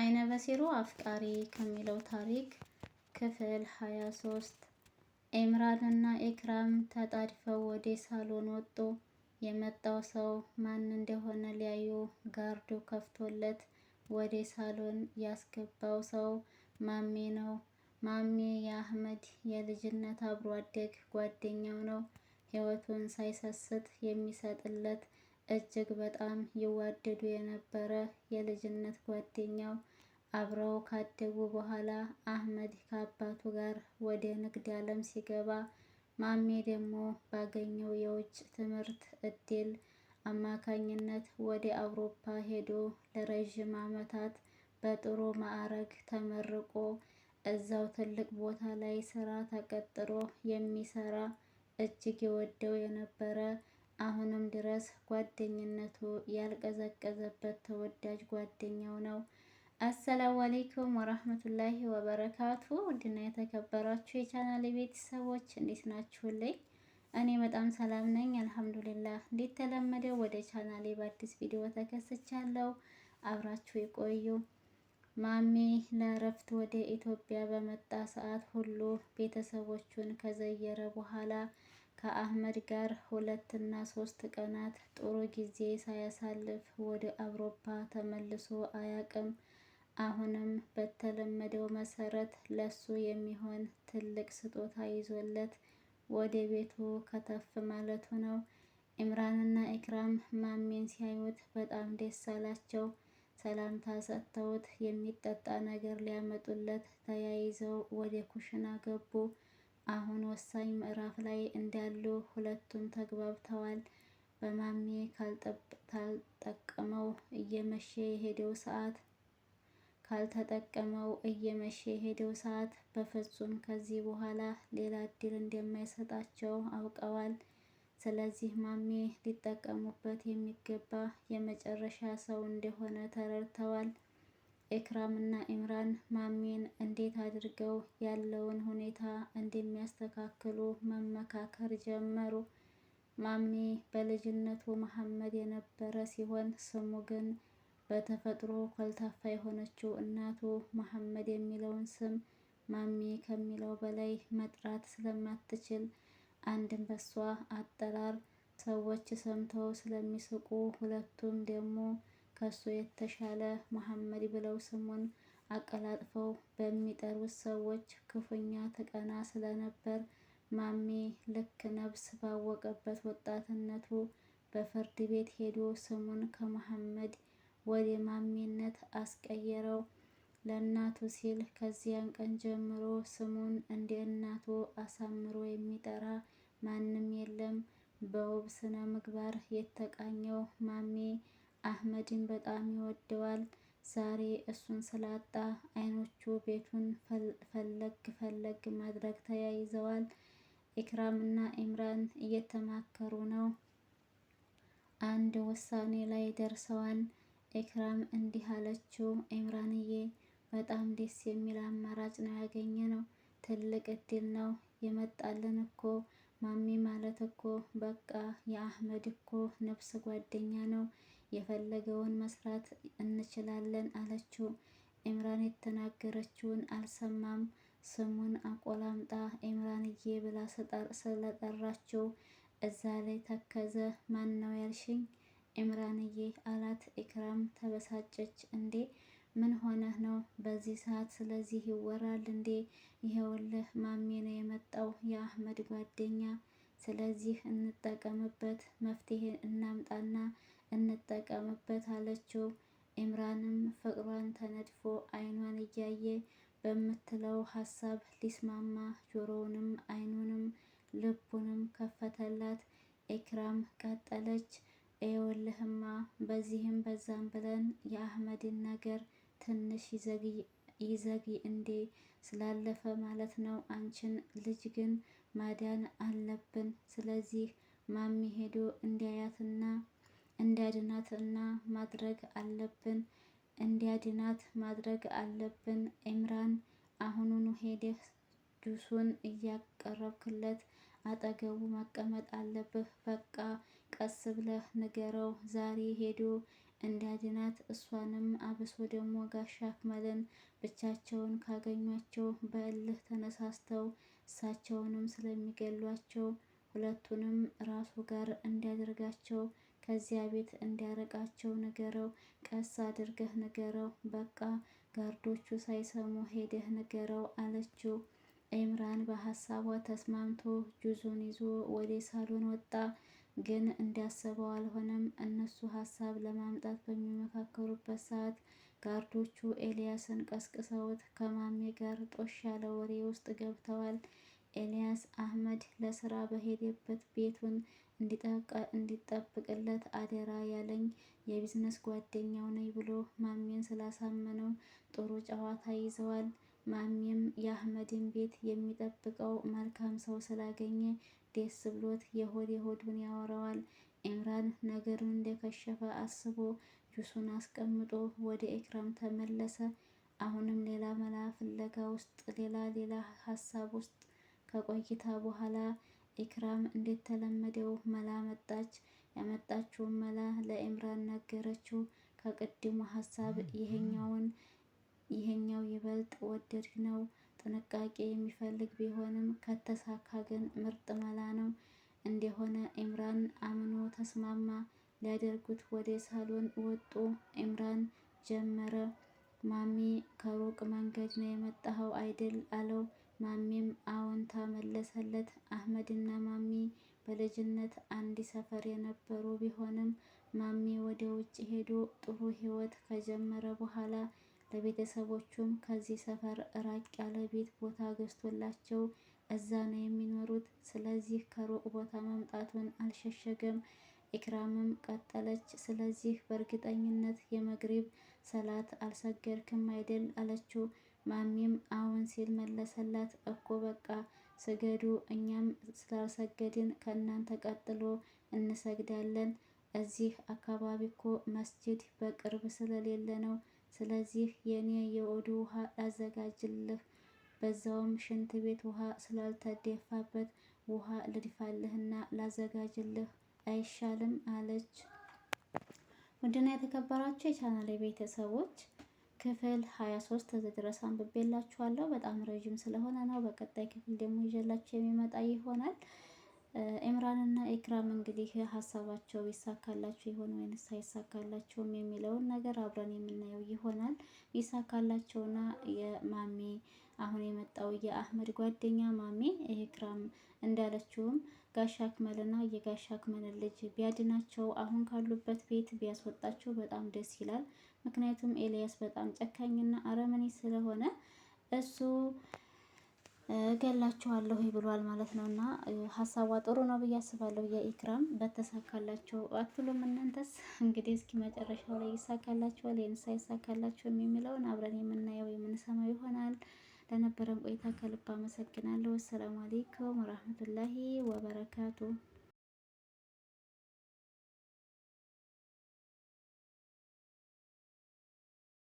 አይነ በሲሩ አፍቃሪ ከሚለው ታሪክ ክፍል 23 ኤምራን እና ኤክራም ተጣድፈው ወደ ሳሎን ወጡ። የመጣው ሰው ማን እንደሆነ ሊያዩ ጋርዱ ከፍቶለት ወደ ሳሎን ያስገባው ሰው ማሜ ነው። ማሜ የአህመድ የልጅነት አብሮ አደግ ጓደኛው ነው። ህይወቱን ሳይሰስት የሚሰጥለት እጅግ በጣም ይዋደዱ የነበረ የልጅነት ጓደኛው አብረው ካደጉ በኋላ አህመድ ከአባቱ ጋር ወደ ንግድ ዓለም ሲገባ ማሜ ደግሞ ባገኘው የውጭ ትምህርት እድል አማካኝነት ወደ አውሮፓ ሄዶ ለረዥም ዓመታት በጥሩ ማዕረግ ተመርቆ እዛው ትልቅ ቦታ ላይ ስራ ተቀጥሮ የሚሰራ እጅግ የወደው የነበረ አሁንም ድረስ ጓደኝነቱ ያልቀዘቀዘበት ተወዳጅ ጓደኛው ነው። አሰላሙ አሌይኩም ወራህመቱላሂ ወበረካቱ። ውድና የተከበራችሁ የቻናል ቤተሰቦች እንዴት ናችሁልኝ? እኔ በጣም ሰላም ነኝ አልሐምዱሊላህ። እንደተለመደው ወደ ቻናሌ በአዲስ ቪዲዮ ተከስቻለሁ። አብራችሁ የቆዩ ማሚ ለእረፍት ወደ ኢትዮጵያ በመጣ ሰዓት ሁሉ ቤተሰቦቹን ከዘየረ በኋላ ከአህመድ ጋር ሁለትና ሶስት ቀናት ጥሩ ጊዜ ሳያሳልፍ ወደ አውሮፓ ተመልሶ አያቅም። አሁንም በተለመደው መሰረት ለሱ የሚሆን ትልቅ ስጦታ ይዞለት ወደ ቤቱ ከተፍ ማለቱ ነው። ኢምራንና ኢክራም ማሚን ሲያዩት በጣም ደስ አላቸው። ሰላምታ ሰጥተውት የሚጠጣ ነገር ሊያመጡለት ተያይዘው ወደ ኩሽና ገቡ። አሁን ወሳኝ ምዕራፍ ላይ እንዳሉ ሁለቱም ተግባብተዋል። በማሜ ካልጠቀመው እየመሸ የሄደው ሰዓት ካልተጠቀመው እየመሸ የሄደው ሰዓት በፍጹም ከዚህ በኋላ ሌላ እድል እንደማይሰጣቸው አውቀዋል። ስለዚህ ማሜ ሊጠቀሙበት የሚገባ የመጨረሻ ሰው እንደሆነ ተረድተዋል። ኤክራም እና ኢምራን ማሚን እንዴት አድርገው ያለውን ሁኔታ እንደሚያስተካክሉ መመካከር ጀመሩ። ማሚ በልጅነቱ መሐመድ የነበረ ሲሆን ስሙ ግን በተፈጥሮ ኮልታፋ የሆነችው እናቱ መሐመድ የሚለውን ስም ማሚ ከሚለው በላይ መጥራት ስለማትችል አንድም በሷ አጠራር ሰዎች ሰምተው ስለሚስቁ ሁለቱም ደግሞ ከሱ የተሻለ መሐመድ ብለው ስሙን አቀላጥፈው በሚጠሩት ሰዎች ክፉኛ ተቀና ስለነበር ማሜ ልክ ነፍስ ባወቀበት ወጣትነቱ በፍርድ ቤት ሄዶ ስሙን ከመሐመድ ወደ ማሜነት አስቀየረው ለእናቱ ሲል። ከዚያን ቀን ጀምሮ ስሙን እንደ እናቱ አሳምሮ የሚጠራ ማንም የለም። በውብ ስነ ምግባር የተቃኘው አህመድን በጣም ይወደዋል። ዛሬ እሱን ስላጣ አይኖቹ ቤቱን ፈለግ ፈለግ ማድረግ ተያይዘዋል። እና ኢምራን እየተማከሩ ነው። አንድ ውሳኔ ላይ ደርሰዋል። ኢክራም እንዲህ አለችው፣ ኢምራንዬ በጣም ደስ የሚል አማራጭ ነው ያገኘ ነው። ትልቅ እድል ነው የመጣልን እኮ ማሚ ማለት እኮ በቃ የአህመድ እኮ ነፍስ ጓደኛ ነው። የፈለገውን መስራት እንችላለን አለችው። ኢምራን የተናገረችውን አልሰማም። ስሙን አቆላምጣ ኤምራንዬ ብላ ስለጠራችው እዛ ላይ ተከዘ። ማን ነው ያልሽኝ? ኤምራንዬ አላት። ኢክራም ተበሳጨች። እንዴ ምን ሆነህ ነው በዚህ ሰዓት ስለዚህ ይወራል እንዴ? ይኸውልህ ማሜ ነው የመጣው የአህመድ ጓደኛ። ስለዚህ እንጠቀምበት፣ መፍትሄ እናምጣና እንጠቀምበት አለችው። ኢምራንም ፍቅሯን ተነድፎ አይኗን እያየ በምትለው ሀሳብ ሊስማማ ጆሮውንም አይኑንም ልቡንም ከፈተላት። ኤክራም ቀጠለች። ኤወልህማ በዚህም በዛም ብለን የአህመድን ነገር ትንሽ ይዘግይ እንዴ ስላለፈ ማለት ነው። አንቺን ልጅ ግን ማዳን አለብን። ስለዚህ ማሚ ሄዶ እንዲያያትና እንዲያድናትና ማድረግ አለብን እንዲያድናት ማድረግ አለብን። ኢምራን አሁኑኑ ሄደህ ጁሱን እያቀረብክለት አጠገቡ መቀመጥ አለብህ። በቃ ቀስ ብለህ ንገረው። ዛሬ ሄዶ እንዲያድናት እሷንም አብሶ ደግሞ ጋሻ አክመልን ብቻቸውን ካገኟቸው በእልህ ተነሳስተው እሳቸውንም ስለሚገሏቸው ሁለቱንም ራሱ ጋር እንዲያደርጋቸው ከዚያ ቤት እንዲያረቃቸው ንገረው። ቀስ አድርገህ ንገረው። በቃ ጋርዶቹ ሳይሰሙ ሄደህ ንገረው አለችው። ኤምራን በሀሳቧ ተስማምቶ ጁዙን ይዞ ወደ ሳሎን ወጣ። ግን እንዲያሰበው አልሆነም። እነሱ ሀሳብ ለማምጣት በሚመካከሩበት ሰዓት ጋርዶቹ ኤልያስን ቀስቅሰውት ከማሜ ጋር ጦሽ ያለ ወሬ ውስጥ ገብተዋል። ኤልያስ አህመድ ለስራ በሄደበት ቤቱን እንዲጠብቅለት አደራ ያለኝ የቢዝነስ ጓደኛው ነኝ ብሎ ማሜን ስላሳመነው ጥሩ ጨዋታ ይዘዋል። ማሜም የአህመድን ቤት የሚጠብቀው መልካም ሰው ስላገኘ ደስ ብሎት የሆድ የሆዱን ያወራዋል። ኤምራን ነገሩን እንደከሸፈ አስቦ ጁሱን አስቀምጦ ወደ ኤክራም ተመለሰ። አሁንም ሌላ መላ ፍለጋ ውስጥ ሌላ ሌላ ሀሳብ ውስጥ ከቆይታ በኋላ ኢክራም እንደተለመደው መላ መጣች። ያመጣችውን መላ ለኢምራን ነገረችው። ከቅድሙ ሀሳብ ይሄኛውን ይሄኛው ይበልጥ ወደድ ነው። ጥንቃቄ የሚፈልግ ቢሆንም ከተሳካ ግን ምርጥ መላ ነው እንደሆነ ኢምራን አምኖ ተስማማ። ሊያደርጉት ወደ ሳሎን ወጡ። ኢምራን ጀመረ። ማሚ ከሩቅ መንገድ ነው የመጣኸው አይደል? አለው ማሚም አዎንታ መለሰለት። አህመድና ማሚ በልጅነት አንድ ሰፈር የነበሩ ቢሆንም ማሚ ወደ ውጭ ሄዶ ጥሩ ህይወት ከጀመረ በኋላ ለቤተሰቦቹም ከዚህ ሰፈር ራቅ ያለ ቤት ቦታ ገዝቶላቸው እዛ ነው የሚኖሩት። ስለዚህ ከሩቅ ቦታ መምጣቱን አልሸሸገም። ኢክራምም ቀጠለች። ስለዚህ በእርግጠኝነት የመግሪብ ሰላት አልሰገድክም አይደል? አለችው። ማሚም አሁን ሲል መለሰላት። እኮ በቃ ስገዱ፣ እኛም ስላልሰገድን ከእናንተ ቀጥሎ እንሰግዳለን። እዚህ አካባቢ እኮ መስጂድ በቅርብ ስለሌለ ነው። ስለዚህ የኔ የኦዱ ውሃ ላዘጋጅልህ፣ በዛውም ሽንት ቤት ውሃ ስላልተደፋበት ውሃ ልድፋልህና ላዘጋጅልህ አይሻልም? አለች። ውድና የተከበራቸው የቻናል ቤተሰቦች ክፍል 23 ድረስ አንብቤላችኋለሁ። በጣም ረዥም ስለሆነ ነው። በቀጣይ ክፍል ደግሞ ይዤላችሁ የሚመጣ ይሆናል። ኤምራን እና ኢክራም እንግዲህ ሀሳባቸው ይሳካላቸው ይሆን ወይንስ አይሳካላቸውም የሚለውን ነገር አብረን የምናየው ይሆናል። ይሳካላቸውና የማሜ አሁን የመጣው የአህመድ ጓደኛ ማሜ ኢክራም እንዳለችውም ጋሻ አክመልና የጋሻ አክመልን ልጅ ቢያድናቸው አሁን ካሉበት ቤት ቢያስወጣቸው በጣም ደስ ይላል። ምክንያቱም ኤልያስ በጣም ጨካኝና አረመኔ ስለሆነ እሱ እገላችኋለሁ ብሏል ማለት ነው። እና ሀሳቧ ጥሩ ነው ብዬ አስባለሁ። የኢክራም በተሳካላቸው አትሉም እናንተስ? እንግዲህ እስኪ መጨረሻው ላይ ይሳካላቸዋል፣ የንሳ ይሳካላቸው የሚለውን አብረን የምናየው የምንሰማው ይሆናል። ለነበረን ቆይታ ከልብ አመሰግናለሁ። አሰላሙ አሌይኩም ወራህመቱላሂ ወበረካቱ